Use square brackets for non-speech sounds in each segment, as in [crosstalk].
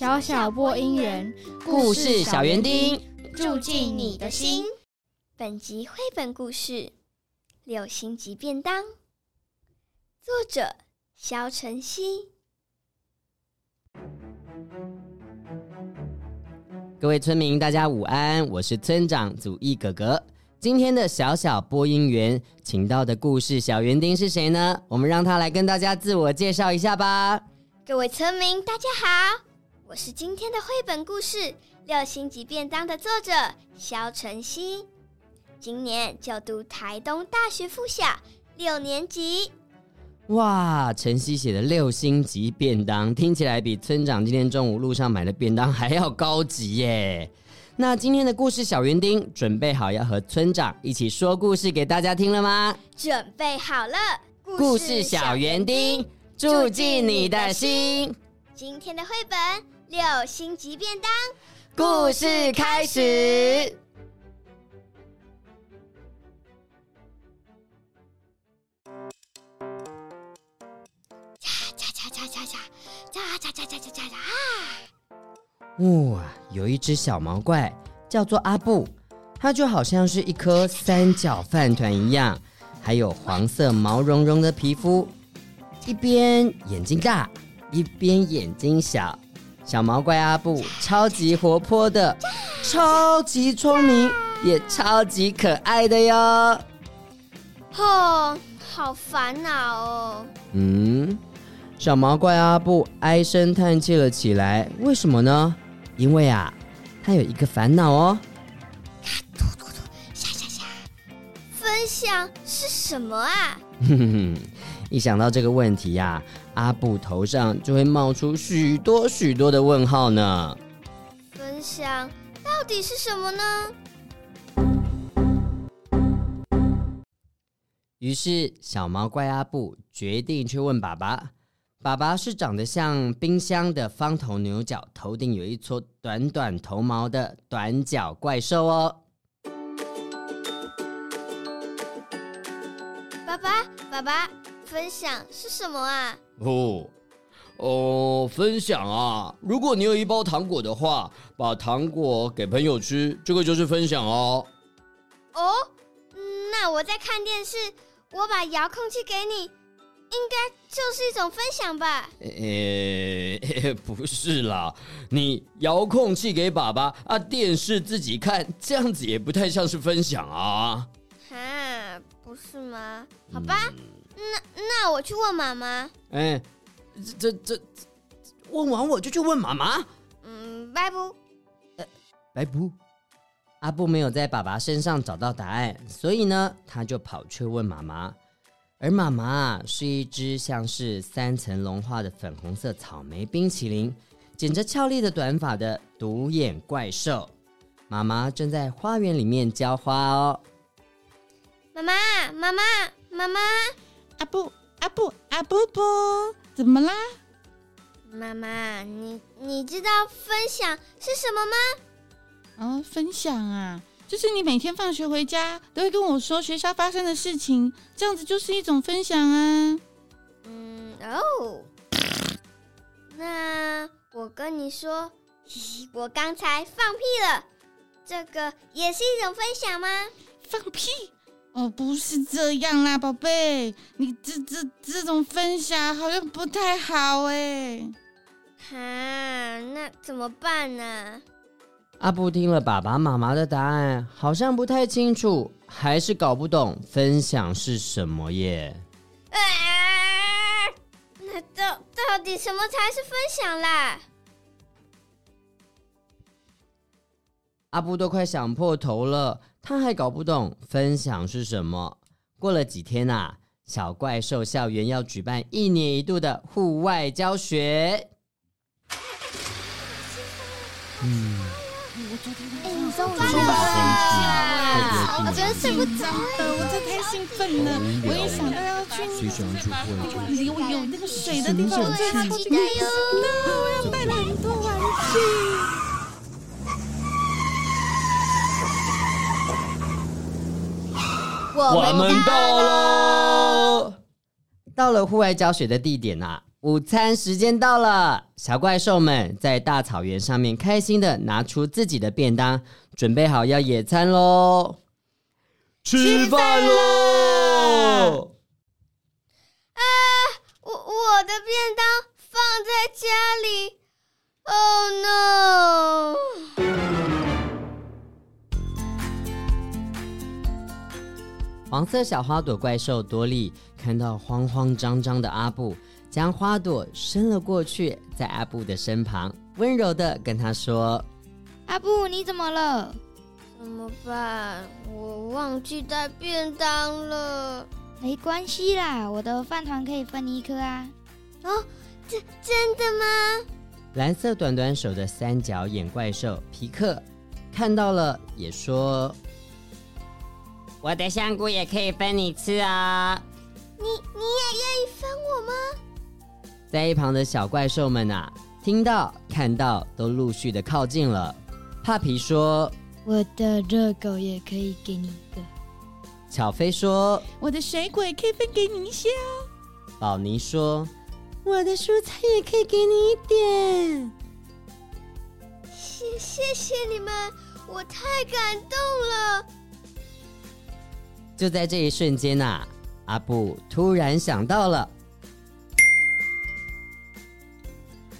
小小播音員，故事小園丁，住進你的心。本集繪本故事《六星級便當》，作者：蕭晨希。各位村民，大家午安，我是村長祖逸哥哥。今天的小小播音員，請到的故事小園丁是誰呢？我們讓他來跟大家自我介紹一下吧。各位村民，大家好。我是今天的繪本故事《六星級便當》的作者蕭晨希，今年就讀台東大學附小六年級。哇，晨希寫的《六星級便當》聽起來比村長今天中午路上買的便當還要高級耶！那今天的故事小園丁準備好要和村長一起說故事給大家聽了嗎？準備好了。故事小園丁住進你的心。今天的繪本。六星級便當故事開始。啊啊啊啊啊啊啊啊啊啊啊啊啊！哇，有一隻小毛怪叫做阿布，它就好像是一顆三角飯糰一樣，還有黃色毛茸茸的皮膚，一邊眼睛大，一邊眼睛小。小毛怪阿布超級活潑的，超級聰明，也超級可愛的喲。哦，好煩惱哦。嗯，小毛怪阿布唉聲嘆氣了起來。為什麼呢？因為啊，他有一個煩惱哦。咔嘟嘟嘟，下下下，分享是什麼啊？哼哼哼，一想到這個問題呀、啊。阿布頭上就會冒出許多許多的問號呢。冰箱到底是什麼呢？於是小毛怪阿布決定去問爸爸。爸爸是長得像冰箱的方頭牛角，頭頂有一撮短短頭毛的短角怪獸哦。爸爸，爸爸。分享是什麼啊？哦哦，分享啊！如果你有一包糖果的話，把糖果給朋友吃，這個就是分享哦。哦，那我在看電視，我把遙控器給你，應該就是一種分享吧？呃、哎哎哎，不是啦，你遙控器給爸爸啊，電視自己看，這樣子也不太像是分享啊。哈，不是嗎？好吧。嗯那那我去問媽媽。哎，這這這，問完我就去問媽媽。嗯，拜拜。呃，拜拜。阿布沒有在爸爸身上找到答案，所以呢，他就跑去問媽媽。而媽媽是一隻像是三層融化的粉紅色草莓冰淇淋，剪着俏麗的短髮的獨眼怪獸。媽媽正在花園裡面澆花哦。媽媽，媽媽，媽媽。阿布阿布阿布布，怎麼啦？媽媽，你你知道分享是什麼嗎？哦，分享啊，就是你每天放學回家都會跟我說學校發生的事情，這樣子就是一種分享啊。嗯，哦，那我跟你說，我剛才放屁了，這個也是一種分享嗎？放屁。哦，不是這樣啦，寶貝，你這這這種分享好像不太好哎。啊，那怎麼辦呢？阿布聽了爸爸媽媽的答案，好像不太清楚，還是搞不懂分享是什麼耶。啊，那到到底什麼才是分享啦？阿布都快想破頭了。他還搞不懂分享是什麼。過了幾天啊，小怪獸校園要舉辦一年一度的戶外教學。嗯，出發啦！我真的睡不着了，我真的太興奮了。我一、嗯、想到要去，我有、那個、我有那個水的地方，我再拉出去玩，我要帶了、no, 很多玩具。啊我們，我們到了，到了戶外教學的地點吶、啊！午餐時間到了，小怪獸們在大草原上面開心的拿出自己的便當，準備好要野餐嘍！吃飯咯吃黃色小花朵怪獸多利看到慌慌張張的阿布，將花朵伸了過去，在阿布的身旁溫柔地跟他說：“阿布，你怎麼了？怎麼辦？我忘記帶便當了。沒關係啦，我的飯糰可以分你一顆啊。”“哦，這，真的嗎？”藍色短短手的三角眼怪獸皮克看到了也說。我的香菇也可以分你吃哦！你你也願意分我嗎？在一旁的小怪獸們啊，聽到看到都陸續的靠近了。帕皮說：“我的熱狗也可以給你一個。”巧飛說：“我的水果也可以分給你一些哦。”寶妮說：“我的蔬菜也可以給你一點。”謝謝謝你們，我太感動了。就在這一瞬間吶、啊，阿布突然想到了。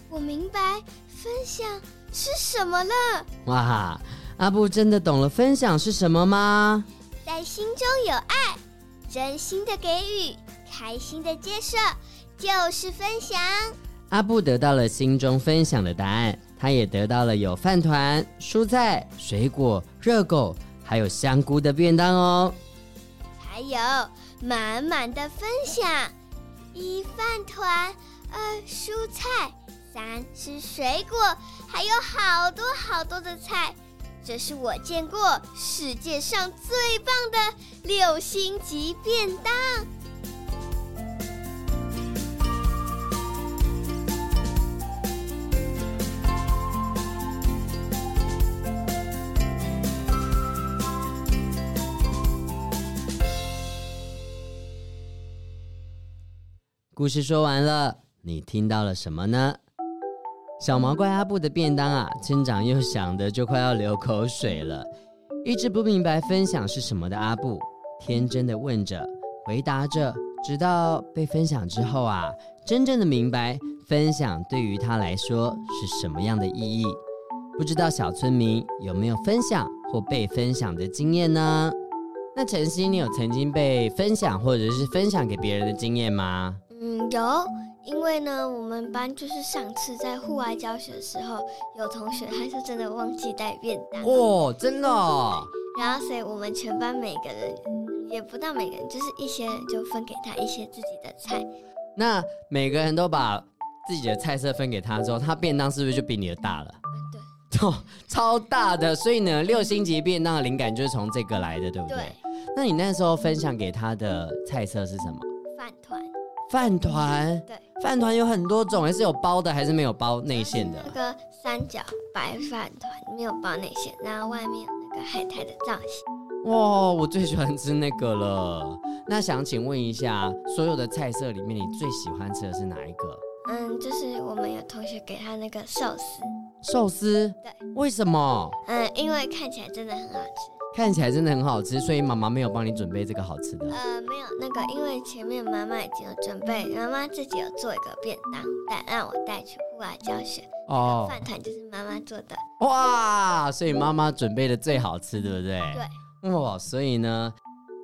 我明白分享是什麼了。哇，阿布真的懂了分享是什麼嗎？在心中有愛，真心的給予，開心的接受，就是分享。阿布得到了心中分享的答案，他也得到了有飯糰、蔬菜、水果、熱狗，還有香菇的便當哦。還有滿滿的分享，一飯團，二蔬菜，三吃水果，還有好多好多的菜。這是我見過世界上最棒的六星級便當。故事說完了，你聽到了什麼呢？小毛怪阿布的便當啊，村長又想得就快要流口水了。一直不明白分享是什麼的阿布，天真的問着，回答着，直到被分享之後啊，真正的明白分享對於他來說是什麼樣的意義。不知道小村民有沒有分享或被分享的經驗呢？那晨希，你有曾經被分享或者是分享給別人的經驗嗎？有，因為呢，我們班就是上次在戶外教學的時候，有同學他是真的忘記帶便當哦，真的哦。然後，所以我們全班每個人，也不到每個人，就是一些人就分給他一些自己的菜。那每個人都把自己的菜色分給他之後，他便當是不是就比你的大了？對， [laughs] 超大的。所以呢，六星級便當的靈感就是從這個來的，對不對？對。那你那時候分享給他的菜色是什麼？飯糰。飯糰？嗯，對，飯糰有很多種，還是有包的，還是沒有包內餡的。那個三角白飯糰沒有包內餡，然後外面有那個海苔的造型。哇，我最喜歡吃那個了。那想請問一下，所有的菜色裡面，你最喜歡吃的是哪一個？嗯，就是我們有同學給他那個壽司。壽司？對。為什麼？嗯，因為看起來真的很好吃。看起來真的很好吃，所以媽媽沒有幫你準備這個好吃的？呃，沒有那個，因為前面媽媽已經有準備，媽媽自己有做一個便當但讓我帶去戶外教學。哦，這個飯糰就是媽媽做的。哇，所以媽媽準備的最好吃，對不對？嗯，對。哇，所以呢？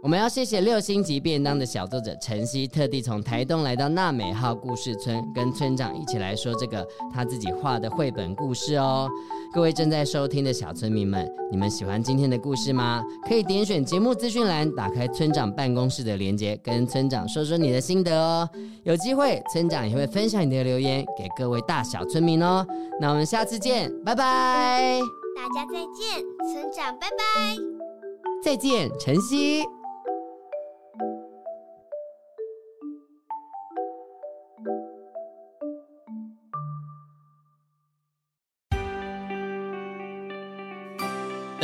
我們要謝謝六星級便當的小作者晨希，特地從台東來到納美號故事村，跟村長一起來說這個他自己畫的繪本故事哦。各位正在收聽的小村民們，你們喜歡今天的故事嗎？可以點選節目資訊欄，打開村長辦公室的鏈接，跟村長說說你的心得哦。有機會，村長也會分享你的留言給各位大小村民哦。那我們下次見，拜拜！大家再見，村長拜拜，再見晨希。